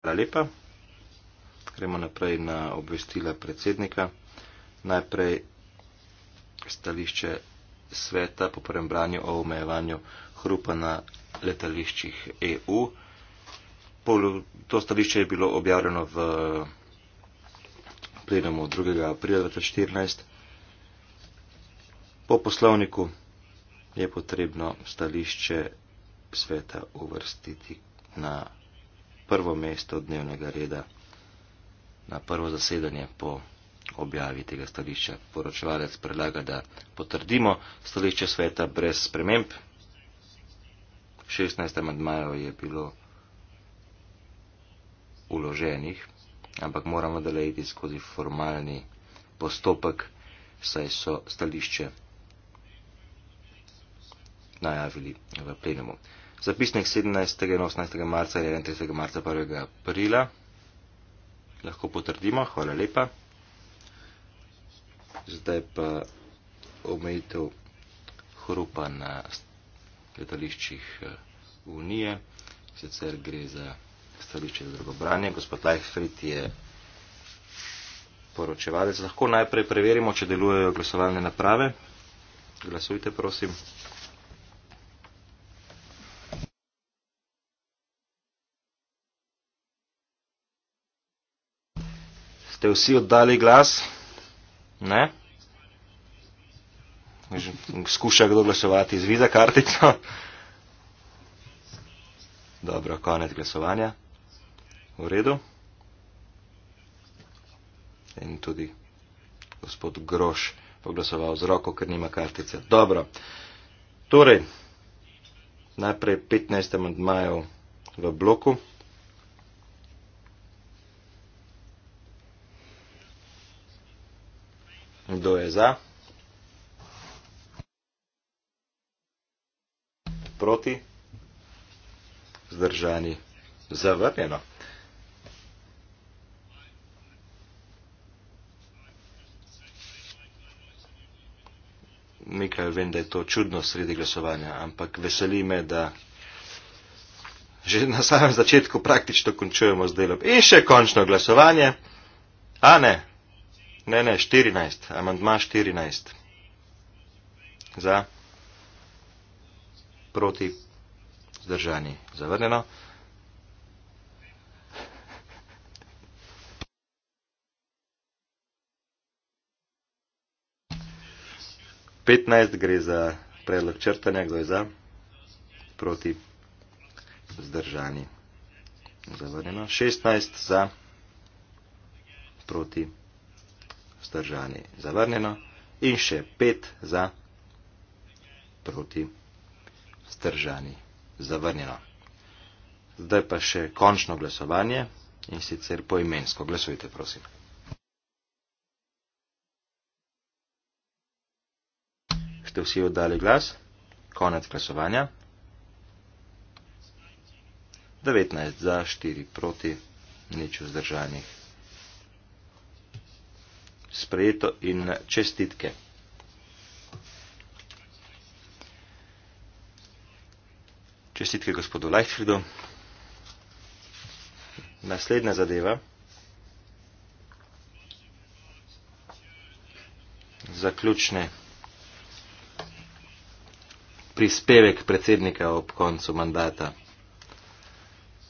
Hvala lepa. Gremo naprej na obvestila predsednika. Najprej stališče sveta po prvem branju o omejevanju hrupa na letališčih EU. To stališče je bilo objavljeno v plenumu 2. aprila 2014. Po poslovniku je potrebno stališče sveta uvrstiti na prvo mesto dnevnega reda na prvo zasedanje po objavi tega stališča. Poročevalec predlaga, da potrdimo stališče sveta brez sprememb. 16. amadmajev je bilo uloženih, ampak moramo delajiti skozi formalni postopek, saj so stališče najavili v plenumu. Zapisnik 17. in 18. marca in 31. marca 1. aprila lahko potrdimo. Hvala lepa. Zdaj pa omejitev hrupa na letališčih eh, Unije. Sicer gre za stališče za drugo branje. Gospod Lajfrit je poročevalec. Lahko najprej preverimo, če delujejo glasovalne naprave. Glasujte, prosim. ste vsi oddali glas? Ne? Skuša kdo glasovati z viza kartico? Dobro, konec glasovanja. V redu. In tudi gospod Groš poglasoval z roko, ker nima kartice. Dobro. Torej, najprej 15 amandmajev v bloku. kdo je za? Proti? Zdržani? Zavrnjeno. Mikaj, vem, da je to čudno sredi glasovanja, ampak veseli me, da že na samem začetku praktično končujemo z delom. In še končno glasovanje. A ne, Ne, ne, 14, amandma 14. Za, proti, zdržani, zavrnjeno. Petnajst gre za predlog črtanja, kdo je za, proti, zdržani, zavrnjeno. Šestnajst za, proti, zdržani vzdržani zavrnjeno in še pet za proti vzdržani zavrnjeno. Zdaj pa še končno glasovanje in sicer poimensko. Glasujte, prosim. Ste vsi oddali glas? Konec glasovanja. 19 za 4 proti, nič vzdržanih sprejeto in čestitke. Čestitke gospodu Leichfridu. Naslednja zadeva. Zaključne prispevek predsednika ob koncu mandata.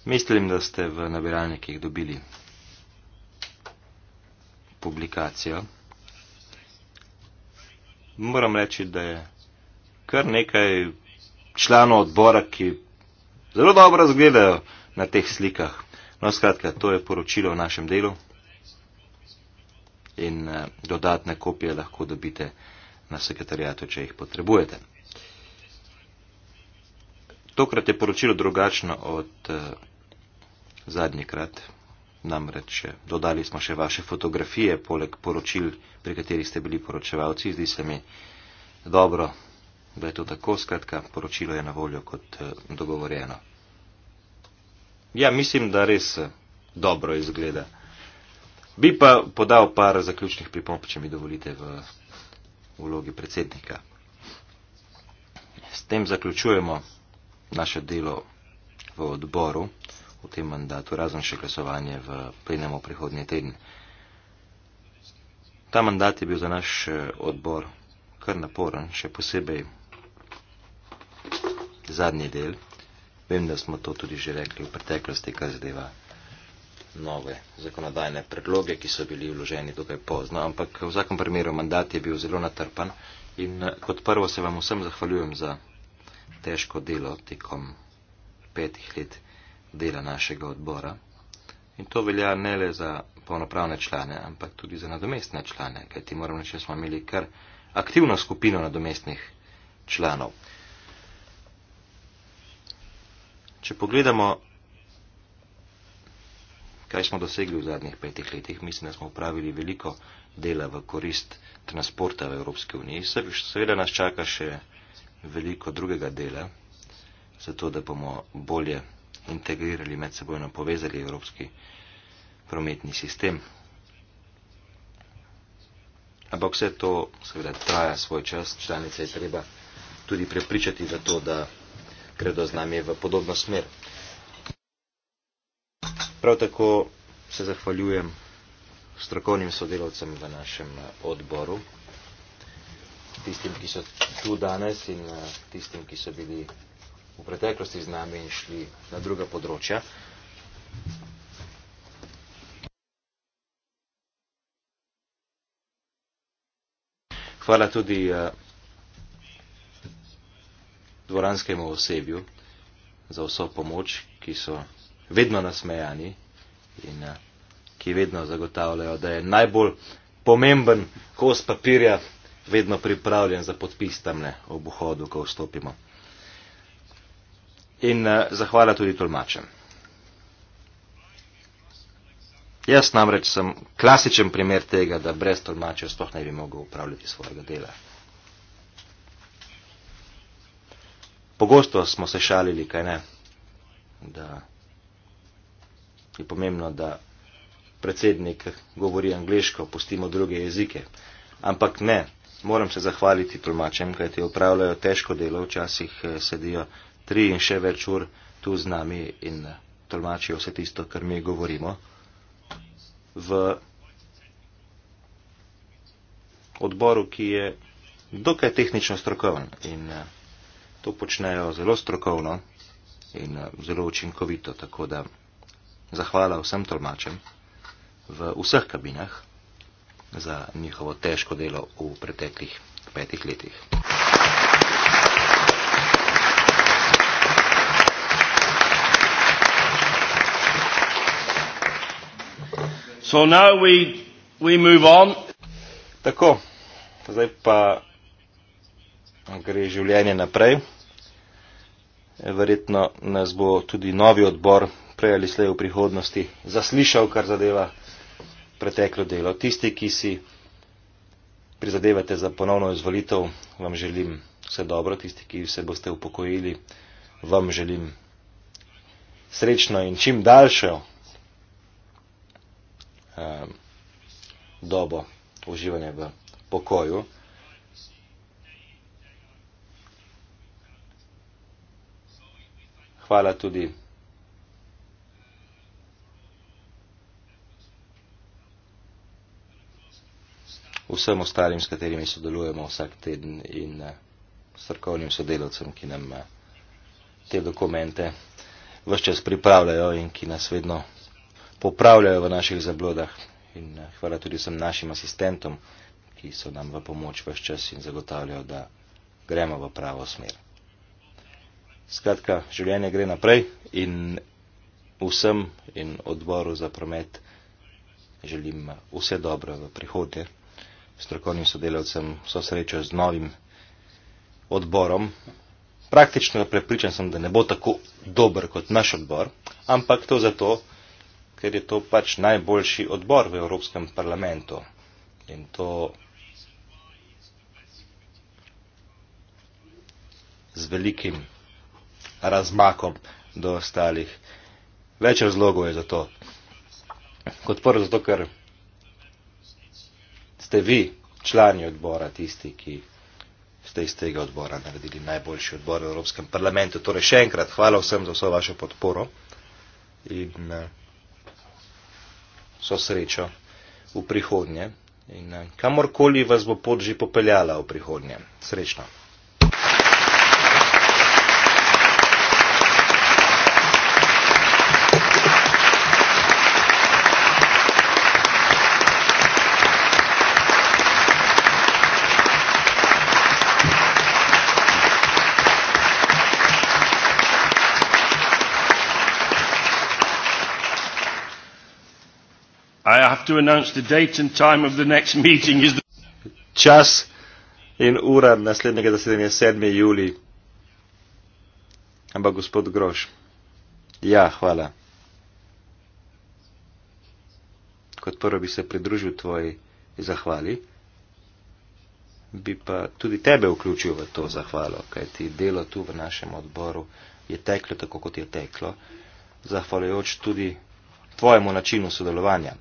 Mislim, da ste v nabiralnikih dobili publikacijo. Moram reči, da je kar nekaj članov odbora, ki zelo dobro zgledajo na teh slikah. No, skratka, to je poročilo v našem delu in eh, dodatne kopije lahko dobite na sekretarijatu, če jih potrebujete. Tokrat je poročilo drugačno od uh, zadnjikrat. krat. Namreč dodali smo še vaše fotografije, poleg poročil, pri katerih ste bili poročevalci. Zdi se mi dobro, da je to tako. Skratka, poročilo je na voljo kot eh, dogovorjeno. Ja, mislim, da res eh, dobro izgleda. Bi pa podal par zaključnih pripomp, če mi dovolite, v vlogi predsednika. S tem zaključujemo naše delo v odboru v tem mandatu, razen še glasovanje v plenemu prihodnje tedne. Ta mandat je bil za naš eh, odbor kar naporen, še posebej zadnji del. Vem, da smo to tudi že rekli v preteklosti, kar zadeva nove zakonodajne predloge, ki so bili vloženi tukaj pozno, ampak v vsakem primeru mandat je bil zelo natrpan in eh, kot prvo se vam vsem zahvaljujem za težko delo tekom petih let dela našega odbora. In to velja ne le za polnopravne člane, ampak tudi za nadomestne člane, kajti moram reči, da smo imeli kar aktivno skupino nadomestnih članov. Če pogledamo, kaj smo dosegli v zadnjih petih letih, mislim, da smo upravili veliko dela v korist transporta v Evropski uniji. Seveda nas čaka še veliko drugega dela, zato da bomo bolje integrirali, medsebojno povezali evropski prometni sistem. Ampak vse to seveda traja svoj čas, članice je treba tudi prepričati za to, da gredo z nami v podobno smer. Prav tako se zahvaljujem strokovnim sodelovcem v našem eh, odboru, tistim, ki so tu danes in eh, tistim, ki so bili v preteklosti z nami in šli na druga področja. Hvala tudi eh, dvoranskemu osebju za vso pomoč, ki so vedno nasmejani in eh, ki vedno zagotavljajo, da je najbolj pomemben kos papirja vedno pripravljen za podpis tamne ob vhodu, ko vstopimo in eh, zahvala tudi tolmačem. Jaz namreč sem klasičen primer tega, da brez tolmačev sploh ne bi mogel upravljati svojega dela. Pogosto smo se šalili, kaj ne, da je pomembno, da predsednik govori angliško, pustimo druge jezike. Ampak ne, moram se zahvaliti tolmačem, kaj ti upravljajo težko delo, včasih eh, sedijo tri in še več ur tu z nami in tolmačijo vse tisto, kar mi govorimo. V odboru, ki je dokaj tehnično strokoven in eh, to počnejo zelo strokovno in eh, zelo učinkovito, tako da zahvala vsem tolmačem v vseh kabinah za njihovo težko delo v preteklih petih letih. So now we, we move on. Tako, zdaj pa gre življenje naprej. Verjetno nas bo tudi novi odbor prej ali slej v prihodnosti zaslišal, kar zadeva preteklo delo. Tisti, ki si prizadevate za ponovno izvolitev, vam želim vse dobro. Tisti, ki se boste upokojili, vam želim srečno in čim daljšo Um, dobo uživanja v pokoju. Hvala tudi vsem ostalim, s katerimi sodelujemo vsak teden in uh, strokovnim sodelovcem, ki nam uh, te dokumente vse čas pripravljajo in ki nas vedno popravljajo v naših zablodah. In eh, hvala tudi vsem našim asistentom, ki so nam v pomoč vse čas in zagotavljajo, da gremo v pravo smer. Skratka, življenje gre naprej in vsem in odboru za promet želim vse dobro v prihodnje. Strokovnim sodelavcem so srečo z novim odborom. Praktično prepričan sem, da ne bo tako dober kot naš odbor, ampak to zato, ker je to pač najboljši odbor v Evropskem parlamentu. In to z velikim razmakom do ostalih. Več razlogov je za to. Kot prvo zato, ker ste vi člani odbora, tisti, ki ste iz tega odbora naredili najboljši odbor v Evropskem parlamentu. Torej še enkrat hvala vsem za vso vašo podporo. In, uh, so srečo v prihodnje in eh, kamorkoli vas bo pot že popeljala v prihodnje. Srečno. I have to announce the date and time of the next meeting is the čas in ura naslednjega zasedanja 7. julij. Ampak gospod Groš. Ja, hvala. Kot prvo bi se pridružil tvoji zahvali, bi pa tudi tebe vključil v to zahvalo, kaj ti delo tu v našem odboru je teklo tako, kot je teklo, zahvaljujoč tudi tvojemu načinu sodelovanja.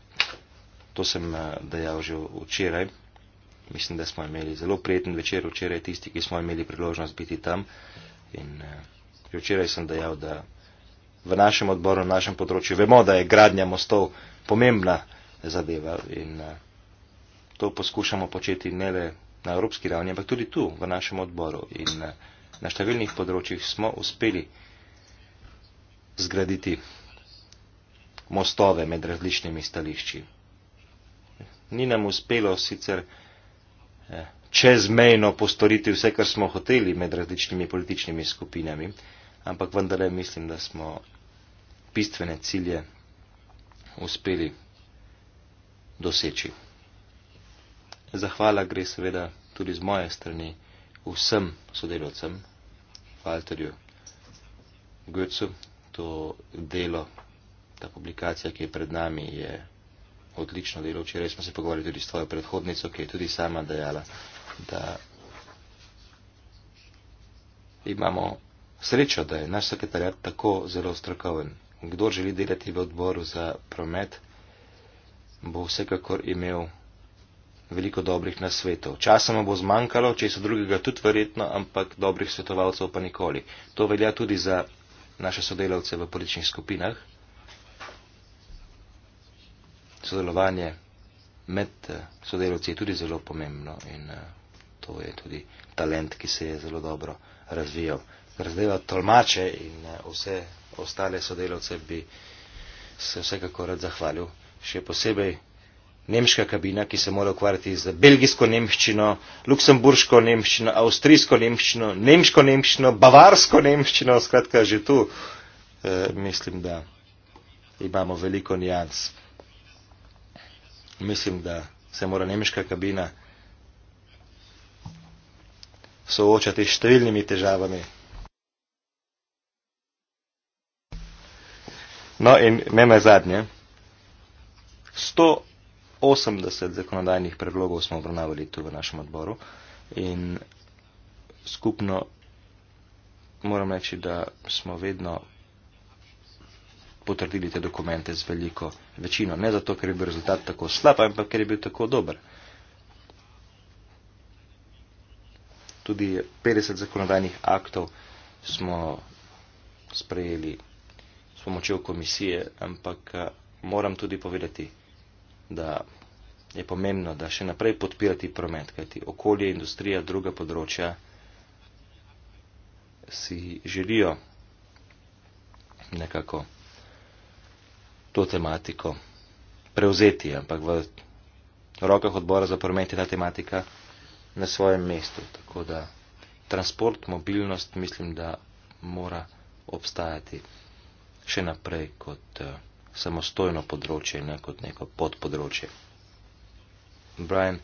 To sem eh, dejal že včeraj. Mislim, da smo imeli zelo prijeten večer včeraj, tisti, ki smo imeli priložnost biti tam. In eh, že včeraj sem dejal, da v našem odboru, v našem področju vemo, da je gradnja mostov pomembna zadeva in eh, to poskušamo početi ne le na evropski ravni, ampak tudi tu, v našem odboru. In na številnih področjih smo uspeli zgraditi mostove med različnimi stališči ni nam uspelo sicer eh, čezmejno postoriti vse, kar smo hoteli med različnimi političnimi skupinami, ampak vendarle mislim, da smo bistvene cilje uspeli doseči. Zahvala gre seveda tudi z moje strani vsem sodelovcem, Falterju Götzu, to delo, ta publikacija, ki je pred nami, je odlično delo. Včeraj smo se pogovarjali tudi s tvojo predhodnico, ki je tudi sama dejala, da imamo srečo, da je naš sekretarjat tako zelo strokoven. Kdo želi delati v odboru za promet, bo vsekakor imel veliko dobrih nasvetov. Časoma bo zmanjkalo, če so drugega tudi verjetno, ampak dobrih svetovalcev pa nikoli. To velja tudi za naše sodelavce v političnih skupinah sodelovanje med eh, sodelovci je tudi zelo pomembno in eh, to je tudi talent, ki se je zelo dobro razvijal. Razdeva tolmače in eh, vse ostale sodelovce bi se vsekako rad zahvalil. Še posebej nemška kabina, ki se mora ukvarjati z belgijsko nemščino, luksemburško nemščino, avstrijsko nemščino, nemško nemščino, bavarsko nemščino, skratka že tu. E, mislim, da imamo veliko nijans mislim, da se mora nemška kabina soočati s številnimi težavami. No in ne na zadnje, 180 zakonodajnih predlogov smo obravnavali tu v našem odboru in skupno moram reči, da smo vedno potrdili te dokumente z veliko večino. Ne zato, ker je bil rezultat tako slab, ampak ker je bil tako dober. Tudi 50 zakonodajnih aktov smo sprejeli s pomočjo komisije, ampak eh, moram tudi povedati, da je pomembno, da še naprej podpirati promet, kajti okolje, industrija, druga področja si želijo nekako to tematiko prevzeti, ampak v rokah odbora za promet je ta tematika na svojem mestu. Tako da transport, mobilnost mislim, da mora obstajati še naprej kot uh, samostojno področje, ne kot neko podpodročje. Brian,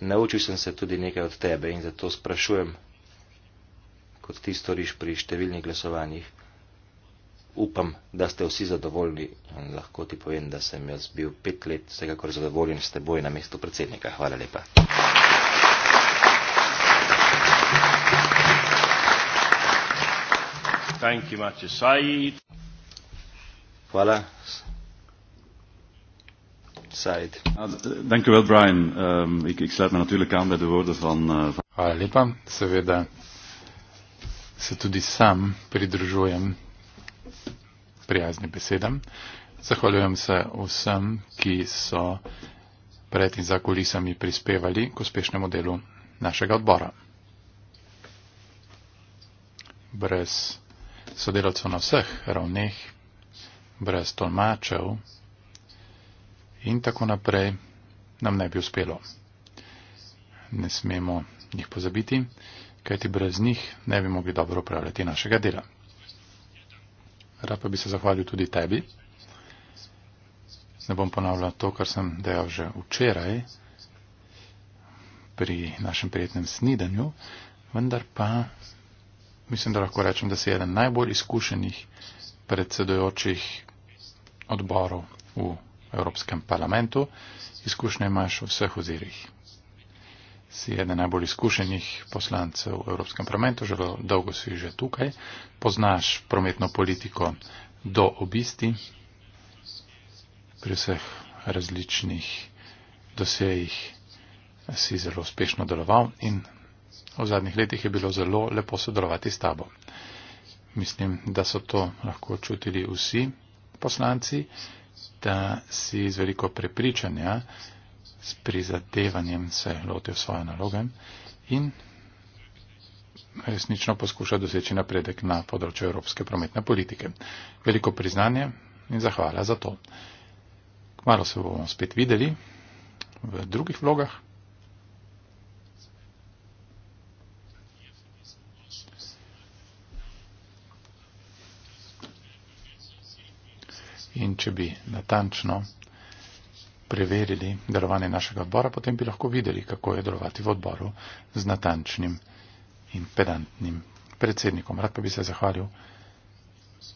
naučil sem se tudi nekaj od tebe in zato sprašujem, kot ti storiš pri številnih glasovanjih, upam, da ste vsi zadovoljni. Lahko ti povem, da sem jaz bil pet let vsekakor zadovoljen s teboj na mestu predsednika. Hvala lepa. Thank you much, Said. Hvala. Said. Ja, thank you well, Brian. Um, ik, ik sluit me natuurlijk aan bij de woorden van... Uh, van... Hvala lepa. Seveda se tudi sam pridružujem prijaznim besedam. Zahvaljujem se vsem, ki so pred in za kulisami prispevali k uspešnemu delu našega odbora. Brez sodelavcev na vseh ravneh, brez tolmačev in tako naprej nam ne bi uspelo. Ne smemo jih pozabiti, kajti brez njih ne bi mogli dobro upravljati našega dela rad pa bi se zahvalil tudi tebi. Ne bom ponavljal to, kar sem dejal že včeraj pri našem prijetnem snidanju, vendar pa mislim, da lahko rečem, da si eden najbolj izkušenih predsedojočih odborov v Evropskem parlamentu. Izkušnje imaš v vseh ozirih si eden najbolj izkušenih poslancev v Evropskem parlamentu, že dolgo si že tukaj, poznaš prometno politiko do obisti pri vseh različnih dosejih si zelo uspešno deloval in v zadnjih letih je bilo zelo lepo sodelovati s tabo. Mislim, da so to lahko čutili vsi poslanci, da si z veliko prepričanja s prizadevanjem se lotil svoje naloge in resnično poskuša doseči napredek na področju evropske prometne politike. Veliko priznanje in zahvala za to. Kmalo se bomo spet videli v drugih vlogah. In če bi natančno preverili delovanje našega odbora, potem bi lahko videli, kako je delovati v odboru z natančnim in pedantnim predsednikom. Rad pa bi se zahvalil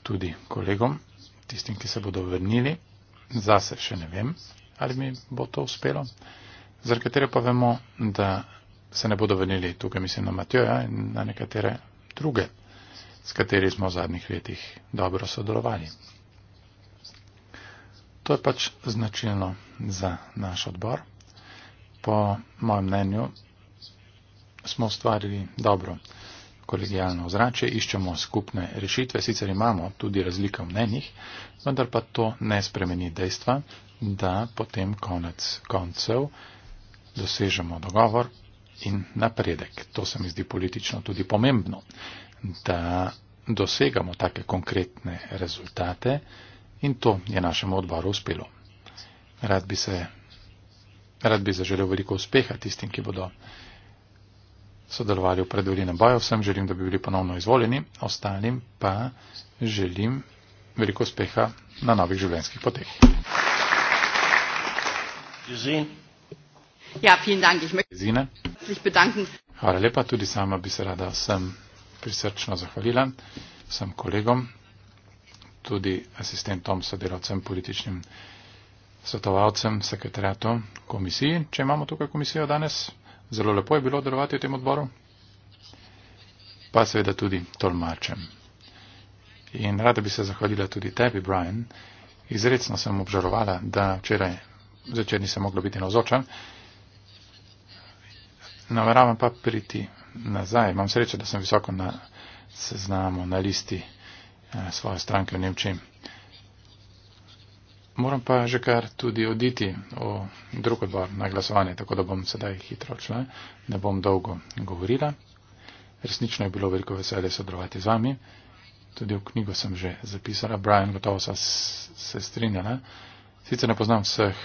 tudi kolegom, tistim, ki se bodo vrnili. Zase še ne vem, ali mi bo to uspelo. Zar katere pa vemo, da se ne bodo vrnili tukaj, mislim na Matjoja in na nekatere druge, s kateri smo v zadnjih letih dobro sodelovali. To je pač značilno za naš odbor. Po mojem mnenju smo ustvarili dobro kolegijalno ozračje, iščemo skupne rešitve, sicer imamo tudi razlike v mnenjih, vendar pa to ne spremeni dejstva, da potem konec koncev dosežemo dogovor in napredek. To se mi zdi politično tudi pomembno, da dosegamo take konkretne rezultate. In to je našemu odboru uspelo. Rad bi, se, rad bi zaželel veliko uspeha tistim, ki bodo sodelovali v predvoljenem boju. Vsem želim, da bi bili ponovno izvoljeni, ostalim pa želim veliko uspeha na novih življenjskih poteh. Ja, Hvala lepa, tudi sama bi se rada vsem prisrčno zahvalila, vsem kolegom tudi asistentom, sodelavcem, političnim svetovalcem, sekretariatom komisiji, če imamo tukaj komisijo danes. Zelo lepo je bilo delovati v tem odboru, pa seveda tudi tolmačem. In rada bi se zahvalila tudi tebi, Brian. Izredno sem obžalovala, da včeraj zvečer nisem mogla biti navzoča. Nameravam pa priti nazaj. Imam srečo, da sem visoko na seznamu, na listi. Eh, svoje stranke v Nemčiji. Moram pa že kar tudi oditi v drug odbor na glasovanje, tako da bom sedaj hitro odšla, ne bom dolgo govorila. Resnično je bilo veliko veselje sodelovati z vami. Tudi v knjigo sem že zapisala, Brian, gotovo se, se strinjala. Sicer ne poznam vseh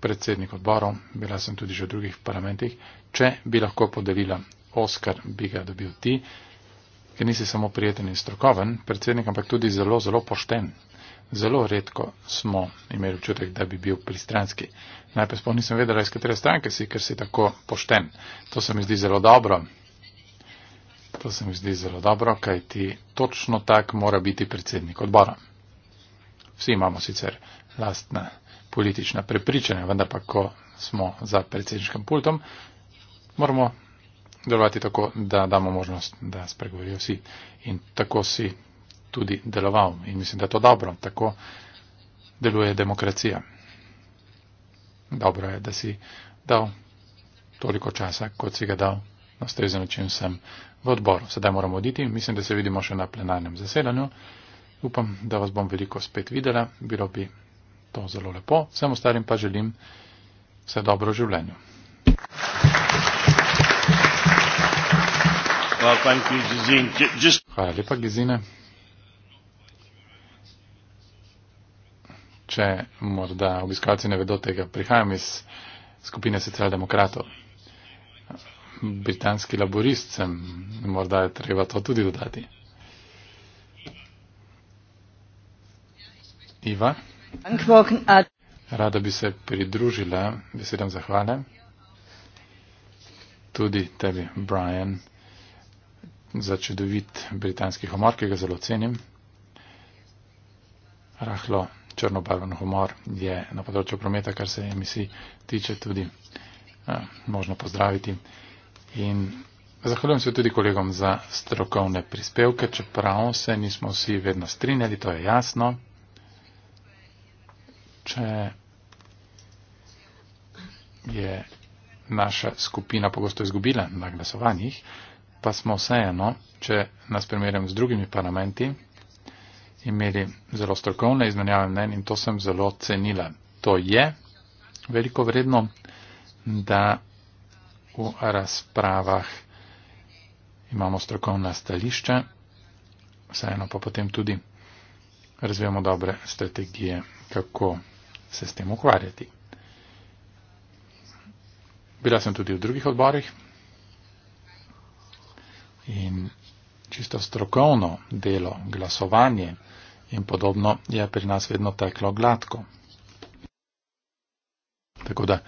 predsednikov odborov, bila sem tudi že v drugih parlamentih. Če bi lahko podelila Oskar, bi ga dobil ti ker nisi samo prijeten in strokoven predsednik, ampak tudi zelo, zelo pošten. Zelo redko smo imeli občutek, da bi bil pristranski. Najprej sploh nisem vedela, iz katere stranke si, ker si tako pošten. To se mi zdi zelo dobro. To se mi zdi zelo dobro, kaj ti točno tak mora biti predsednik odbora. Vsi imamo sicer lastna politična prepričanja, vendar pa ko smo za predsedniškim pultom, moramo delovati tako, da damo možnost, da spregovorijo vsi. In tako si tudi deloval. In mislim, da je to dobro. Tako deluje demokracija. Dobro je, da si dal toliko časa, kot si ga dal na ustrezen način sem v odboru. Sedaj moramo oditi. Mislim, da se vidimo še na plenarnem zasedanju. Upam, da vas bom veliko spet videla. Bilo bi to zelo lepo. Vsem ostalim pa želim vse dobro življenju. Thank you. Hvala lepa, Gizine. Če morda obiskalci ne vedo tega, prihajam iz skupine socialdemokratov. Britanski laborist sem, morda je treba to tudi dodati. Iva, rada bi se pridružila besedam zahvale. Tudi tebi, Brian za čudovit britanski humor, ki ga zelo cenim. Rahlo črnobarven humor je na področju prometa, kar se emisij tiče, tudi a, možno pozdraviti. In zahvaljujem se tudi kolegom za strokovne prispevke, čeprav se nismo vsi vedno strinjali, to je jasno. Če je naša skupina pogosto izgubila na glasovanjih, pa smo vseeno, če nas primerjam z drugimi parlamenti, imeli zelo strokovne izmenjave mnen in to sem zelo cenila. To je veliko vredno, da v razpravah imamo strokovna stališča, vseeno pa potem tudi razvijamo dobre strategije, kako se s tem ukvarjati. Bila sem tudi v drugih odborih, in čisto strokovno delo, glasovanje in podobno je pri nas vedno teklo gladko. Tako da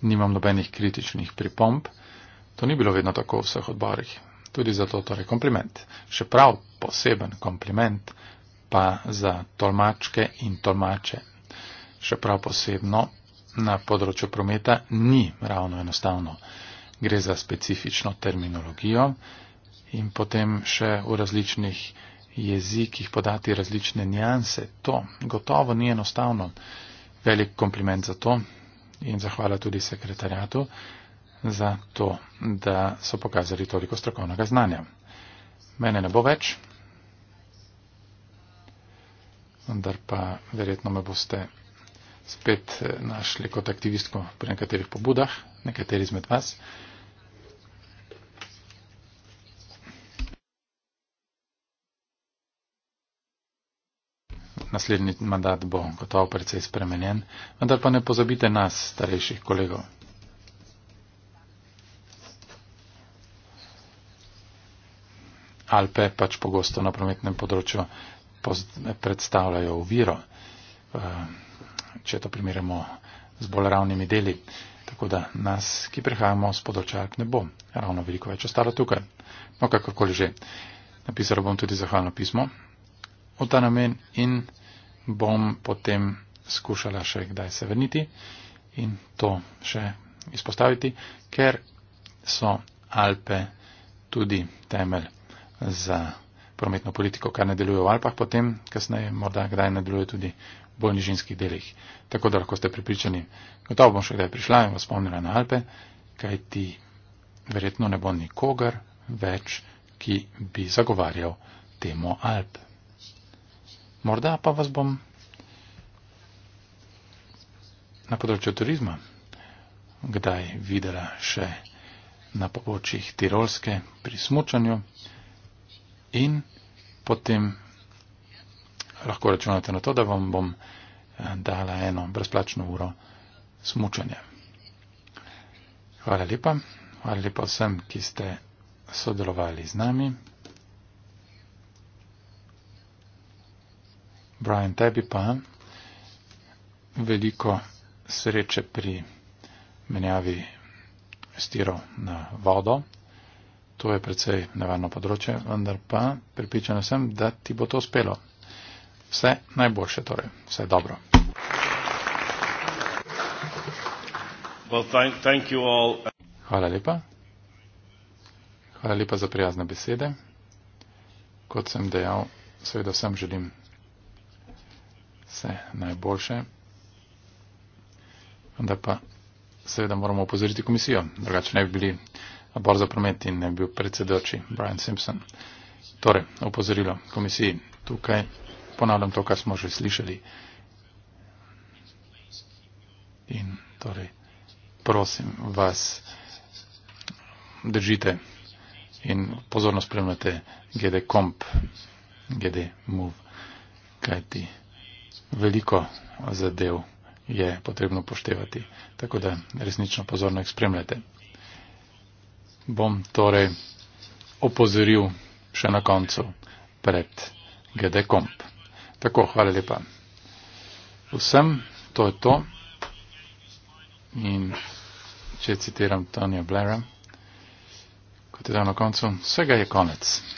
nimam nobenih kritičnih pripomb. To ni bilo vedno tako v vseh odborih. Tudi zato torej kompliment. Še prav poseben kompliment pa za tolmačke in tolmače. Še prav posebno na področju prometa ni ravno enostavno. Gre za specifično terminologijo in potem še v različnih jezikih podati različne nijanse. To gotovo ni enostavno. Velik kompliment za to in zahvala tudi sekretarjatu za to, da so pokazali toliko strokovnega znanja. Mene ne bo več, vendar pa verjetno me boste spet našli kot aktivistko pri nekaterih pobudah, nekateri izmed vas. naslednji mandat bo gotovo precej spremenjen, vendar pa ne pozabite nas, starejših kolegov. Alpe pač pogosto na prometnem področju predstavljajo uviro, eh, če to primerjamo z bolj ravnimi deli. Tako da nas, ki prihajamo z področja Alp, ne bo ravno veliko več ostalo tukaj. No, kakorkoli že. Napisal bom tudi zahvalno pismo, v ta namen in bom potem skušala še kdaj se vrniti in to še izpostaviti, ker so Alpe tudi temelj za prometno politiko, kar ne deluje v Alpah, potem kasneje morda kdaj ne deluje tudi v bolj nižinskih delih. Tako da lahko ste pripričani, gotovo bom še kdaj prišla in vas spomnila na Alpe, kaj ti verjetno ne bo nikogar več, ki bi zagovarjal temo Alpe. Morda pa vas bom na področju turizma kdaj videla še na pobočjih Tirolske pri smučanju in potem lahko računate na to, da vam bom eh, dala eno brezplačno uro smučanja. Hvala lepa. Hvala lepa vsem, ki ste sodelovali z nami. Brian, tebi pa veliko sreče pri menjavi stirov na vodo. To je precej nevarno področje, vendar pa pripričana sem, da ti bo to uspelo. Vse najboljše torej, vse dobro. Well, thank, thank Hvala lepa. Hvala lepa za prijazne besede. Kot sem dejal, seveda vsem želim vse najboljše. Onda pa seveda moramo opozoriti komisijo, drugače ne bi bili na bor za promet in ne bi bil predsedoči Brian Simpson. Torej, opozorilo komisiji. Tukaj ponavljam to, kar smo že slišali. In torej, prosim vas, držite in pozorno spremljate GD Comp, GD Move, kaj ti veliko zadev je potrebno poštevati, tako da resnično pozorno jih spremljate. Bom torej opozoril še na koncu pred GD Komp. Tako, hvala lepa. Vsem to je to. In če citiram Tonija Blaira, kot je dal na koncu, vsega je konec.